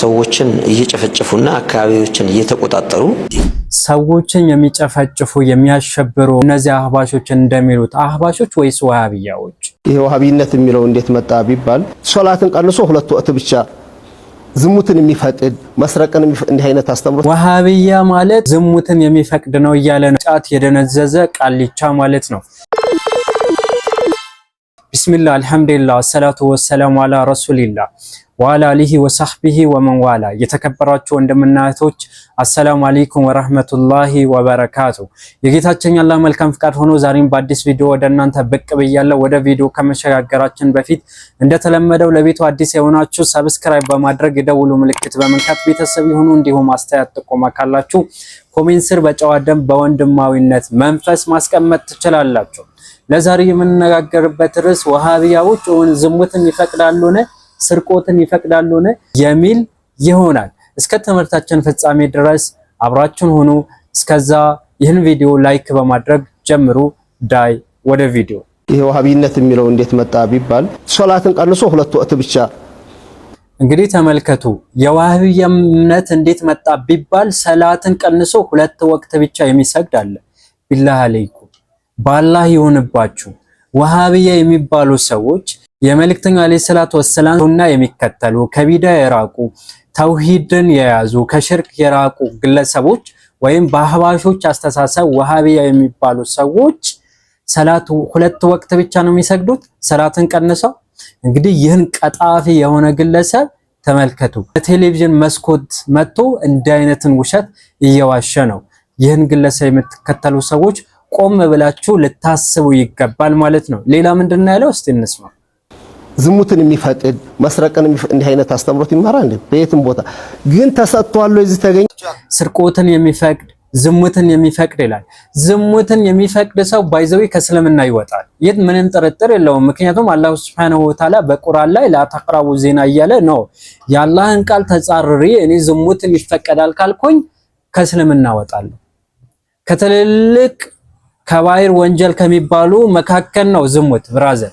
ሰዎችን እየጨፈጨፉና አካባቢዎችን እየተቆጣጠሩ ሰዎችን የሚጨፈጭፉ የሚያሸብሩ እነዚህ አህባሾች እንደሚሉት አህባሾች ወይስ ዋሃብያዎች? ይሄ ዋሃቢነት የሚለው እንዴት መጣ ቢባል ሶላትን ቀንሶ ሁለት ወቅት ብቻ ዝሙትን የሚፈቅድ መስረቅን እንዲህ አይነት አስተምሮ ዋሃብያ ማለት ዝሙትን የሚፈቅድ ነው እያለ ነው። ጫት የደነዘዘ ቃልቻ ማለት ነው። ብስሚላ አልሐምዱሊላ ሰላቱ ወሰላሙ አላ ረሱሊላ ወአላ አሊሂ ወሳህቢሂ ወመንዋላ። የተከበራችሁ ወንድምና እህቶች አሰላሙ አለይኩም ወረህመቱላሂ ወበረካቱ። የጌታችን ያላ መልካም ፍቃድ ሆኖ ዛሬም በአዲስ ቪዲዮ ወደ እናንተ ብቅ ብያለሁ። ወደ ቪዲዮ ከመሸጋገራችን በፊት እንደተለመደው ለቤቱ አዲስ የሆናችሁ ሰብስክራይብ በማድረግ የደውሉ ምልክት በመንካት ቤተሰብ የሆኑ እንዲሁም አስተያየት ጥቆማ ካላችሁ ኮሜንት ስር በጨዋ ደንብ በወንድማዊነት መንፈስ ማስቀመጥ ትችላላችሁ። ለዛሬ የምንነጋገርበት ርዕስ ወሃቢያዎች ዝሙትን ይፈቅዳሉን? ስርቆትን ይፈቅዳሉን? የሚል ይሆናል። እስከ ትምህርታችን ፍጻሜ ድረስ አብራችን ሁኑ። እስከዛ ይህን ቪዲዮ ላይክ በማድረግ ጀምሩ። ዳይ ወደ ቪዲዮ። ይሄ ወሃቢነት የሚለው እንዴት መጣ ቢባል ሶላትን ቀንሶ ሁለት ወቅት ብቻ። እንግዲህ ተመልከቱ፣ የወሃቢያ እምነት እንዴት መጣ ቢባል ሰላትን ቀንሶ ሁለት ወቅት ብቻ የሚሰግድ አለ። ቢላህ ባላህ ይሁንባችሁ። ወሃቢያ የሚባሉ ሰዎች የመልእክተኛው ዓለይሂ ሰላቱ ወሰላም ሱና የሚከተሉ ከቢዳ የራቁ ተውሂድን የያዙ ከሽርክ የራቁ ግለሰቦች ወይም በአህባሾች አስተሳሰብ ወሃቢያ የሚባሉ ሰዎች ሰላቱ ሁለት ወቅት ብቻ ነው የሚሰግዱት፣ ሰላትን ቀንሰው። እንግዲህ ይህን ቀጣፊ የሆነ ግለሰብ ተመልከቱ። በቴሌቪዥን መስኮት መጥቶ እንዲህ አይነትን ውሸት እየዋሸ ነው። ይህን ግለሰብ የምትከተሉ ሰዎች ቆም ብላችሁ ልታስቡ ይገባል ማለት ነው። ሌላ ምንድን ነው ያለው? እስቲ እንስማ። ዝሙትን የሚፈቅድ መስረቅን የሚፈቅድ እንዲህ አይነት አስተምሮት ይማራ እንዴ? በየትም ቦታ ግን ተሰጥቷል ወይ? እዚህ ተገኘ ስርቆትን የሚፈቅድ ዝሙትን የሚፈቅድ ይላል። ዝሙትን የሚፈቅድ ሰው ባይዘዊ ከእስልምና ይወጣል። ይህ ምንም ጥርጥር የለውም። ምክንያቱም አላሁ ሱብሓነሁ ወተዓላ በቁርአን ላይ ላተቅረቡ ዜና እያለ ነው። የአላህን ቃል ተጻርሪ እኔ ዝሙትን ይፈቀዳል ካልኩኝ ከእስልምና እወጣለሁ። ከትልልቅ ከባይር ወንጀል ከሚባሉ መካከል ነው ዝሙት። ብራዘር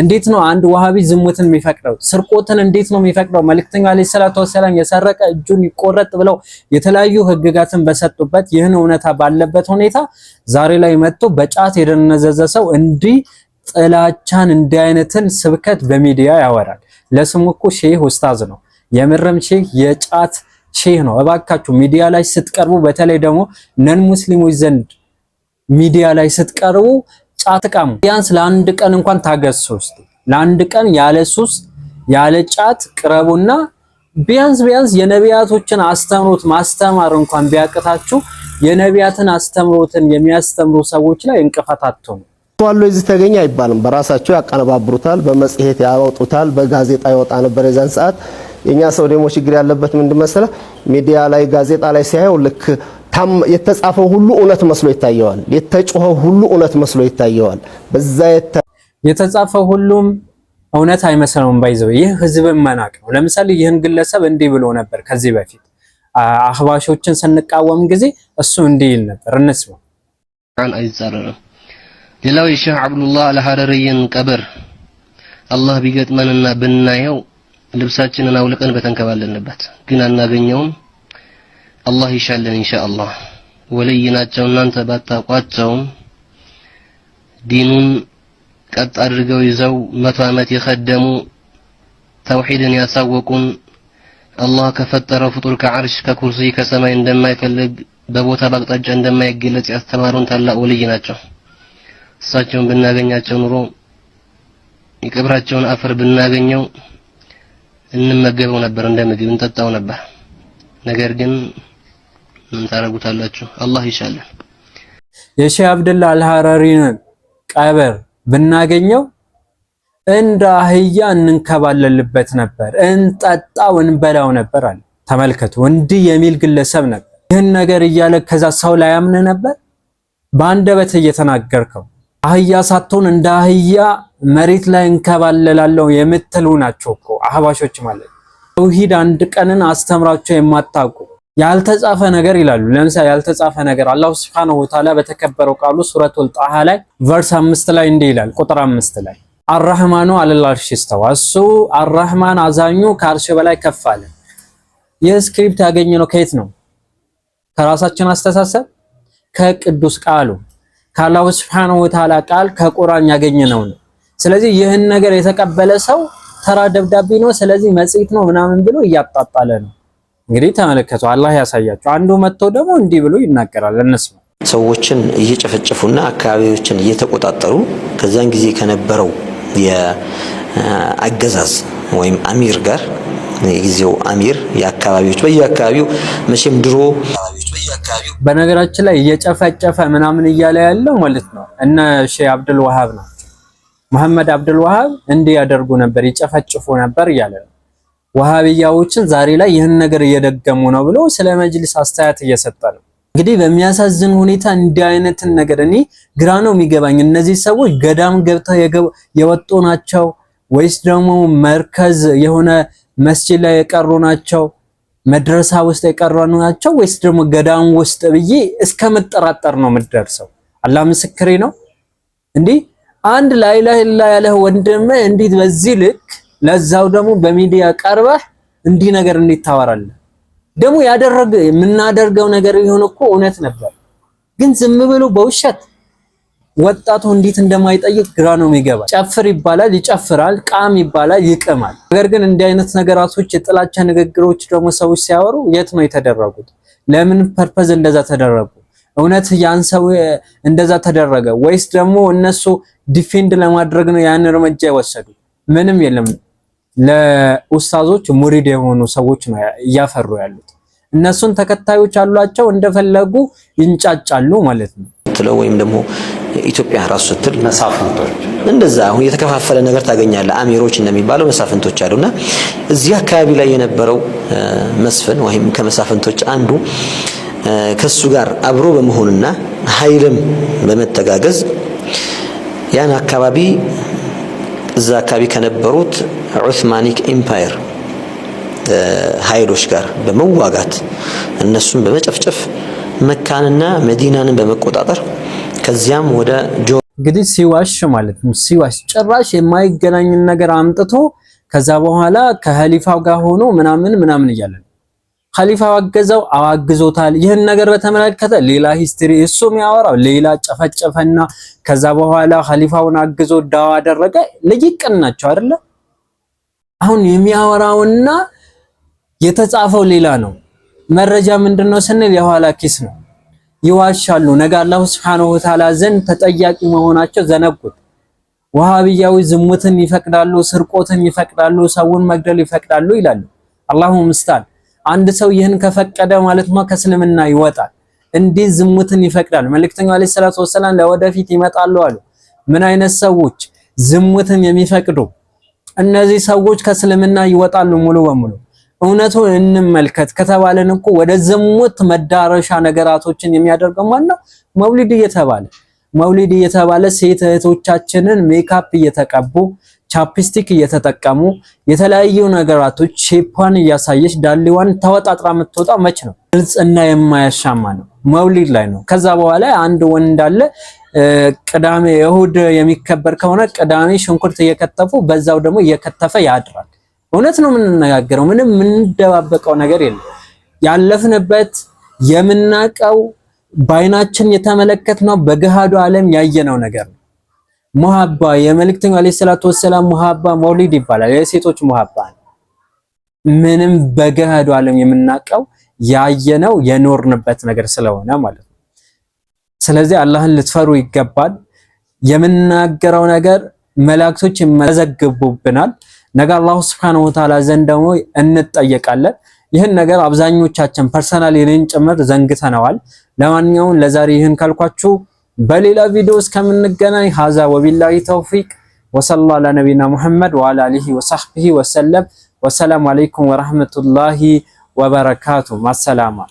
እንዴት ነው አንድ ዋሃቢ ዝሙትን የሚፈቅደው? ስርቆትን እንዴት ነው የሚፈቅደው? መልክተኛ አለይሂ ሰላቱ ወሰላም የሰረቀ እጁን ይቆረጥ ብለው የተለያዩ ህግጋትን በሰጡበት ይህን እውነታ ባለበት ሁኔታ ዛሬ ላይ መጥቶ በጫት የደነዘዘ ሰው እንዲህ ጥላቻን እንዲህ አይነትን ስብከት በሚዲያ ያወራል። ለስሙ እኮ ሼህ ኡስታዝ ነው። የምርም ሼህ የጫት ሼህ ነው። እባካችሁ ሚዲያ ላይ ስትቀርቡ በተለይ ደግሞ ነን ሙስሊሞች ዘንድ ሚዲያ ላይ ስትቀርቡ ጫት ቃሙ። ቢያንስ ለአንድ ቀን እንኳን ታገሱ። ውስጥ ለአንድ ቀን ያለ ሱስ ያለ ጫት ቅረቡና ቢያንስ ቢያንስ የነቢያቶችን አስተምሮት ማስተማር እንኳን ቢያቅታችሁ የነቢያትን አስተምሮትን የሚያስተምሩ ሰዎች ላይ እንቅፋት አትሆኑ። ዋሎ እዚህ ተገኘ አይባልም። በራሳቸው ያቀነባብሩታል፣ በመጽሔት ያወጡታል፣ በጋዜጣ ይወጣ ነበር የዛን ሰዓት። የኛ ሰው ደግሞ ችግር ያለበት ምንድን መሰለህ፣ ሚዲያ ላይ ጋዜጣ ላይ ሲያየው ልክ የተጻፈው ሁሉ እውነት መስሎ ይታየዋል። የተጮኸው ሁሉ እውነት መስሎ ይታየዋል። በዛ የተጻፈው ሁሉም እውነት አይመስለውም። ባይዘው ይህ ህዝብን መናቅ ነው። ለምሳሌ ይህን ግለሰብ እንዲህ ብሎ ነበር ከዚህ በፊት አህባሾችን ስንቃወም ጊዜ እሱ እንዲህ ይል ነበር። ቃል አይጻረርም። ሌላው የሼህ አብዱላህ አልሐረሪን ቀብር አላህ ቢገጥመንና ብናየው ልብሳችንን አውልቀን በተንከባለልንበት ግን አናገኘውም አላህ ይሻለን ኢንሻአላህ። ወልይ ናቸው እናንተ ባታቋቸውም ዲኑን ቀጥ አድርገው ይዘው መቶ ዓመት የኸደሙ ተውሂድን ያሳወቁን አላህ ከፈጠረው ፍጡር ከዓርሽ ከኩርሲ ከሰማይ እንደማይፈልግ በቦታ በአቅጣጫ እንደማይገለጽ ያስተማሩን ታላቅ ወልይ ናቸው። እሳቸውን ብናገኛቸው ኑሮ የቅብራቸውን አፈር ብናገኘው እንመገበው ነበር፣ እንደ ምግብ እንጠጣው ነበር። ነገር ግን ታረጉታላችሁ። አላህ ይሻለ። የሼህ አብደላ አልሐራሪን ቀብር ብናገኘው እንደ አህያ እንንከባለልበት ነበር፣ እንጠጣው፣ እንበላው ነበር አለ። ተመልከቱ፣ እንዲህ የሚል ግለሰብ ነበር። ይህን ነገር እያለ ከዛ ሰው ላይ ያምን ነበር። በአንደበት እየተናገርከው አህያ ሳትሆን እንደ አህያ መሬት ላይ እንከባለላለው የምትሉ ናቸው እኮ አህባሾች ማለት። ተውሂድ አንድ ቀንን አስተምራቸው የማታውቁ ያልተጻፈ ነገር ይላሉ። ለምሳሌ ያልተጻፈ ነገር አላሁ ስብሐነሁ ወተዓላ በተከበረው ቃሉ ሱረቱል ጣሃ ላይ ቨርስ 5 ላይ እንዲህ ይላል። ቁጥር 5 ላይ አራህማኑ አለል አርሽ ስተዋ፣ እሱ አራህማን አዛኙ ከአርሽ በላይ ከፍ አለ። ይህ ስክሪፕት ያገኘነው ከየት ነው? ከራሳችን አስተሳሰብ፣ ከቅዱስ ቃሉ፣ ከአላሁ ስብሐነሁ ወተዓላ ቃል፣ ከቁርአን ያገኘነው ነው። ስለዚህ ይህን ነገር የተቀበለ ሰው ተራ ደብዳቤ ነው፣ ስለዚህ መጽሔት ነው ምናምን ብሎ እያጣጣለ ነው። እንግዲህ ተመለከቱ፣ አላህ ያሳያቸው። አንዱ መጥቶ ደግሞ እንዲህ ብሎ ይናገራል፣ እነሱ ሰዎችን እየጨፈጨፉና አካባቢዎችን እየተቆጣጠሩ ከዛን ጊዜ ከነበረው የአገዛዝ ወይም አሚር ጋር የጊዜው አሚር የአካባቢዎች በየአካባቢው መቼም ድሮ በነገራችን ላይ እየጨፈጨፈ ምናምን እያለ ያለው ማለት ነው እነ ሼህ አብዱል ወሃብ ናቸው። መሐመድ አብዱል ወሃብ እንዲህ ያደርጉ ነበር፣ ይጨፈጭፉ ነበር እያለ ነው ወሃቢያዎችን ዛሬ ላይ ይህን ነገር እየደገሙ ነው ብሎ ስለ መጅልስ አስተያየት እየሰጠ ነው። እንግዲህ በሚያሳዝን ሁኔታ እንዲህ አይነትን ነገር እኔ ግራ ነው የሚገባኝ። እነዚህ ሰዎች ገዳም ገብተው የወጡ ናቸው ወይስ ደግሞ መርከዝ የሆነ መስጂድ ላይ የቀሩ ናቸው መድረሳ ውስጥ የቀሩ ናቸው ወይስ ደግሞ ገዳም ውስጥ ብዬ እስከ መጠራጠር ነው የምደርሰው። አላህ ምስክሬ ነው። እንዲህ አንድ ላይላህ ኢላ ያለህ ወንድም እንዴት በዚህ ልክ ለዛው ደግሞ በሚዲያ ቀርበህ እንዲህ ነገር እንዴት ታወራለህ? ደግሞ ያደረገ የምናደርገው ነገር የሆነ እኮ እውነት ነበር፣ ግን ዝም ብሎ በውሸት ወጣቱ እንዴት እንደማይጠይቅ ግራ ነው የሚገባ። ጨፍር ይባላል ይጨፍራል፣ ቃም ይባላል ይቅማል። ነገር ግን እንዲህ አይነት ነገራቶች የጥላቻ ንግግሮች ደግሞ ሰዎች ሲያወሩ የት ነው የተደረጉት? ለምን ፐርፐዝ እንደዛ ተደረጉ? እውነት ያን ሰው እንደዛ ተደረገ ወይስ ደግሞ እነሱ ዲፌንድ ለማድረግ ነው ያን እርምጃ የወሰዱ? ምንም የለም። ለኡስታዞች ሙሪድ የሆኑ ሰዎች ነው እያፈሩ ያሉት። እነሱን ተከታዮች አሏቸው፣ እንደፈለጉ ይንጫጫሉ ማለት ነው ትለው ወይም ደግሞ ኢትዮጵያ ራሱ ስትል መሳፍንቶች እንደዛ አሁን የተከፋፈለ ነገር ታገኛለ አሚሮች እንደሚባለው መሳፍንቶች አሉና እዚህ አካባቢ ላይ የነበረው መስፍን ወይም ከመሳፍንቶች አንዱ ከሱ ጋር አብሮ በመሆንና ኃይልም በመተጋገዝ ያን አካባቢ እዛ አካባቢ ከነበሩት ዑስማኒክ ኤምፓየር ኃይሎች ጋር በመዋጋት እነሱን በመጨፍጨፍ መካንና መዲናንን በመቆጣጠር ከዚያም ወደ ጆ እንግዲህ ሲዋሽ ማለት ነው። ሲዋሽ ጭራሽ የማይገናኝን ነገር አምጥቶ ከዛ በኋላ ከኸሊፋው ጋር ሆኖ ምናምን ምናምን እያለ ነው። ኸሊፋው አገዘው አዋግዞታል። ይህን ነገር በተመለከተ ሌላ ሂስትሪ እሱም ያወራው ሌላ ጨፈጨፈና ከዛ በኋላ ኸሊፋውን አግዞ ዳዋ አደረገ። ልይቅን ናቸው አይደለ አሁን የሚያወራውና የተጻፈው ሌላ ነው። መረጃ ምንድነው ስንል የኋላ ኪስ ነው። ይዋሻሉ። ነገ አላሁ ሱብሓነሁ ወተዓላ ዘንድ ተጠያቂ መሆናቸው ዘነጉት። ወሃቢያዊ ዝሙትን ይፈቅዳሉ፣ ስርቆትን ይፈቅዳሉ፣ ሰውን መግደል ይፈቅዳሉ ይላሉ። አላሁ ምስታል። አንድ ሰው ይህን ከፈቀደ ማለት ነው ከእስልምና ይወጣል። እንዲህ ዝሙትን ይፈቅዳል። መልእክተኛው አለይሂ ሰላቱ ወሰላም ለወደፊት ይመጣሉ አሉ። ምን አይነት ሰዎች ዝሙትን የሚፈቅዱ እነዚህ ሰዎች ከእስልምና ይወጣሉ ሙሉ በሙሉ። እውነቱን እንመልከት ከተባለን እኮ ወደ ዝሙት መዳረሻ ነገራቶችን የሚያደርገው ማን ነው? መውሊድ እየተባለ መውሊድ እየተባለ ሴት እህቶቻችንን ሜካፕ እየተቀቡ ቻፕስቲክ እየተጠቀሙ የተለያዩ ነገራቶች ሼፓን እያሳየች ዳሊዋን ተወጣጥራ የምትወጣው መች ነው? ግልጽና የማያሻማ ነው። መውሊድ ላይ ነው። ከዛ በኋላ አንድ ወንድ አለ ቅዳሜ እሁድ የሚከበር ከሆነ ቅዳሜ ሽንኩርት እየከተፉ በዛው ደግሞ እየከተፈ ያድራል። እውነት ነው የምንነጋገረው። ምንም የምንደባበቀው ነገር የለም። ያለፍንበት የምናቀው በአይናችን የተመለከትነው በገሃዱ ዓለም ያየነው ነገር ነው። ሙሐባ የመልእክተኛው አለይሂ ሰላቱ ወሰላም ሙሐባ መውሊድ ይባላል። የሴቶች ሙሐባ ምንም በገሃዱ ዓለም የምናቀው ያየነው የኖርንበት ነገር ስለሆነ ማለት ነው። ስለዚህ አላህን ልትፈሩ ይገባል። የምናገረው ነገር መላእክቶች ይመዘግቡብናል። ነገ አላሁ ሱብሓነሁ ወተዓላ ዘንድ ደግሞ እንጠየቃለን። ይህን ነገር አብዛኞቻችን ፐርሰናል የኔን ጭምር ዘንግተነዋል። ለማንኛውም ለዛሬ ይህን ካልኳችሁ በሌላ ቪዲዮ እስከምንገናኝ ሀዛ ወቢላሂ ተውፊቅ ወሰላ አላ ነቢና ሙሐመድ ወአላ አሊሂ ወሰሕቢሂ ወሰለም። ወሰላሙ አለይኩም ወራህመቱላሂ ወበረካቱ። ማሰላማ